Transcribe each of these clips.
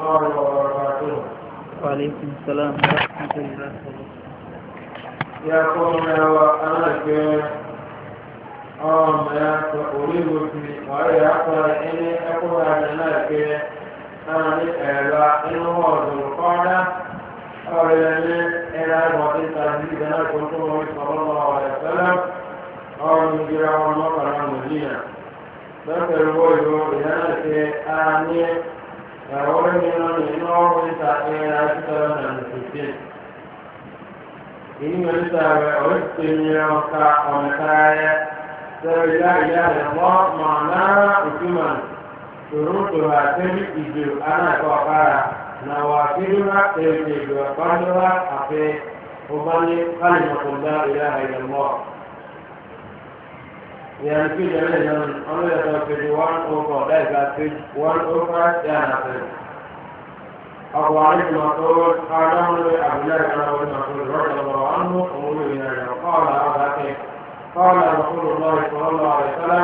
الله وبركاته وعليكم السلام ورحمة الله وبركاته يا قومنا وأنا أما أريد في وأي أقول إني أقول أن لك أنا لأبا إن هو ذو القعدة أو لأني إلى المعطي تهديد أنا كنت صلى الله عليه وسلم أو من جرى ومطر المدينة ذكر هو يقول لأنك أني എവിടെയെങ്കിലും എന്നോട് തകരാശിത്തരനുസരിച്ച് ഇനി മനസ്സിലാകെ ഒരു തിരിഞ്ഞൊക്കെ മനസ്സായ ഉച്ചുമാണ് turutula tẹbi ìjò anáàkọ ọkara na wà kíndúrà èrè ìjò àpáńdúrà àfẹ ọba ní kálímọ̀tò dá ìlà ìlẹ̀mọ́. ìyẹn page ẹ̀rẹ́ ìyẹn ọ̀nà ẹ̀sọ́ page one oh four láìka page one oh five ten and ten. ọ̀pọ̀ àlejò màtó adáwọlé àbúlé ìdáwọlé màtó lọ́dọ̀ lọ́wọ́ ánú òun ìrìn àjò kọ́ọ̀lá ọ̀dáké kọ́ọ̀lá ìrọ̀kúrò lọ́wọ́ ìfọ̀lọ́ àìsọ́lá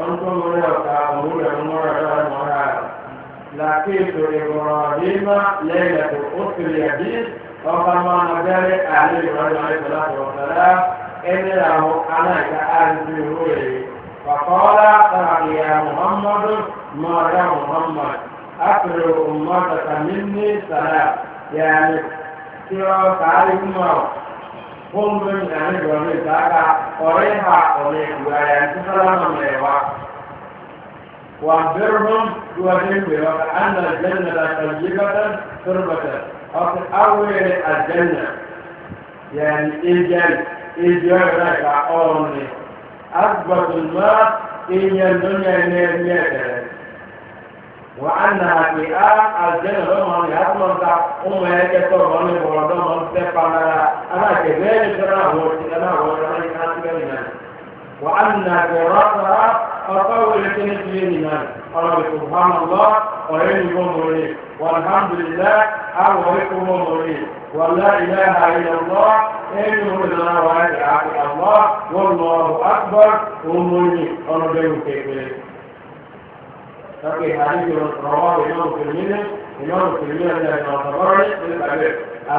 ọ̀n tó lórí ọ̀tá òun rẹ̀ mọ́ra dára mọ́ra rẹ̀. làkètò ìgbọ̀rọ̀ àdéhùn lẹ́yìn ẹ̀kọ́ ó sì إنه أناك أنزله فقال قال يا محمد ما يا محمد أكل أمتك مني سلام يعني سوى تعرف ما قم من أن يجوني ذاك أريها أريك ويا سلام عليها وأخبرهم وأخبرهم بأن الجنة طيبة تربة أو أول الجنة يعني الجنة إيه ìdí ọ̀rẹ́ ìgbà ọ̀rùn ni agbọ̀dùn mọ́ iye lóyún ẹni ẹni ẹ̀dẹ̀rẹ̀ wà á nà àti á àjẹnà lọ́mọ ní àtúmọ̀ta ọmọ ẹ̀kẹ́ tó ọmọ ní bọ̀rọ̀ lọ́mọ ń tẹ́ pamẹ́ra aláàjẹ bẹ́ẹ̀ ní sọ́nà àwọn òṣìṣẹ́ náà wọ́n rẹ̀ ní káńtì bẹ́ẹ̀ nìyẹn wà á nà àti rọ́pàá ọ̀pá wọlé tó ní tìlé nìyẹn ọ̀rọ̀ ìfowópamọ́ ọ̀rẹ́ ní wọ́n mọ̀ rẹ̀ wàlhámdùlilá àwọn ọ̀rẹ́ kó wọ́n mọ̀ rẹ̀ wàlá ìlà àyẹ̀wò ẹ̀yìn òun ìlànà wáyé الله والله أكبر ومني أنا جاي كيفين لكن حديث رواه الإمام الترمذي الإمام الترمذي الذي يعتبرني في الأبيض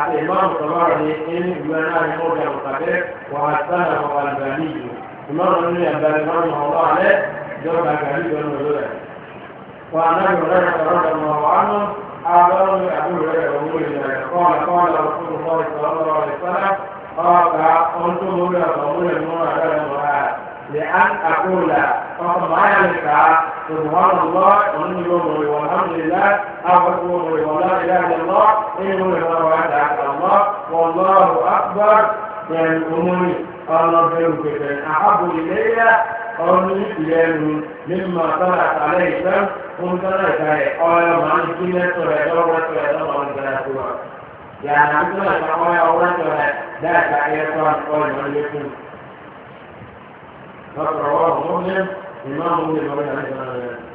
الإمام الطبراني إن بناه مرجع مقابل وحسنه الألباني الإمام الألباني رحمه الله عليه جرب الحديث والنزول وعن أبي هريرة رضي الله عنه أعلم أبو هريرة قال قال رسول الله صلى الله عليه وسلم قاطع قلت مولا ومولا مولا لها لأن أقول فقد ذلك سبحان الله ونجمه والحمد لله أكبر ولا إله إلا الله إنه هو الله والله أكبر من الأمور قال بيوتك أحب إلي قومي إليه مما طلعت عليه الشمس قمت لك قال ما أنت كنا تريدون وتريدون وأنت لا يعني عندنا الحوايا وانتنا ده تعيطا والمعيطين فقد رواه مسلم إمام مسلم ومن عليه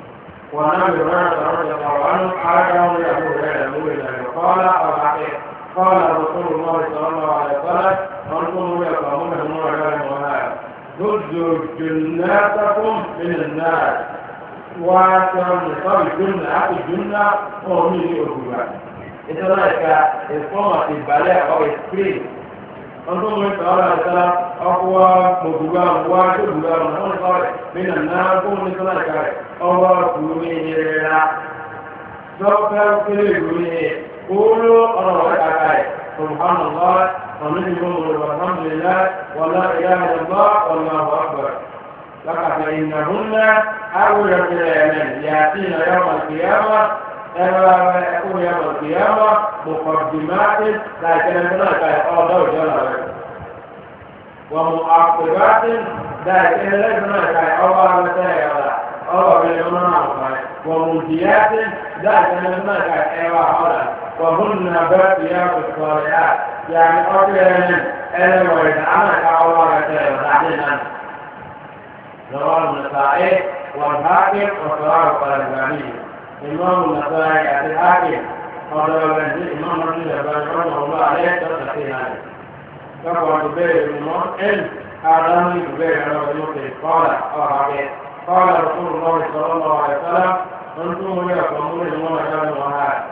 وعن ابي هريره رضي الله عنه حاجه لابو هريره قال قال رسول الله صلى الله عليه وسلم انظروا يقامون من غير مهاب ضجوا جناتكم من النار وكم قبل جنة أخي جنة وهم يؤذون Itu mereka informa dibalik atau explain. Untuk mereka Allah adalah Aqua Mubuga Mubuga Mubuga Mubuga Mubuga Minam Nabu Itu mereka Allah Gumi Nirela Sokar Kili Gumi Ulu Allah Kakai Subhanallah Alhamdulillah Alhamdulillah Wallah Ilaha Illallah Wallahu Akbar Laka fa innahunna awla fil yamin yatina yawm al-qiyamah يقوم يوم القيامة مقدمات لا لكن هناك يقاضى جل ومعقبات لكن ليس هناك يقاضى مثلا أو بالمناطق ومنتيات لكن هناك آه، يقاضى وهن باقيات الصالحات يعني أكرم أنا وإذعانك أولا كتير تعليما رواه النسائي والحاكم وصلاة الألباني إمام النسائي أبي حاتم قال وبنزل إمام رجل الأباني رحمه الله عليه ثلاثة في هذا فقال جبير بن مؤمن أعلمني جبير على وجهه قال قال رسول الله صلى الله عليه وسلم أنتم يا قوم إنما كانوا هذا